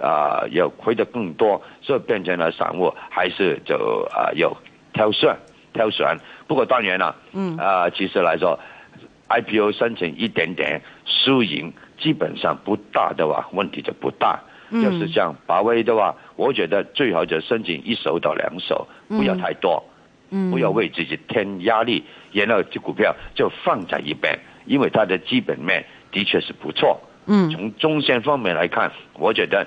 啊，要、呃、虧得更多，所以變成了散戶。還是就啊、呃、有挑選挑選。不過當然啦，嗯，啊、呃，其實來說 IPO 申請一點點輸贏基本上不大的話，問題就不大。嗯，就是像華為的話，我覺得最好就申請一手到兩手，不要太多，嗯，不要為自己添壓力，嗯、然後這股票就放在一邊，因為它的基本面的確是不錯。嗯，從中線方面來看，我覺得。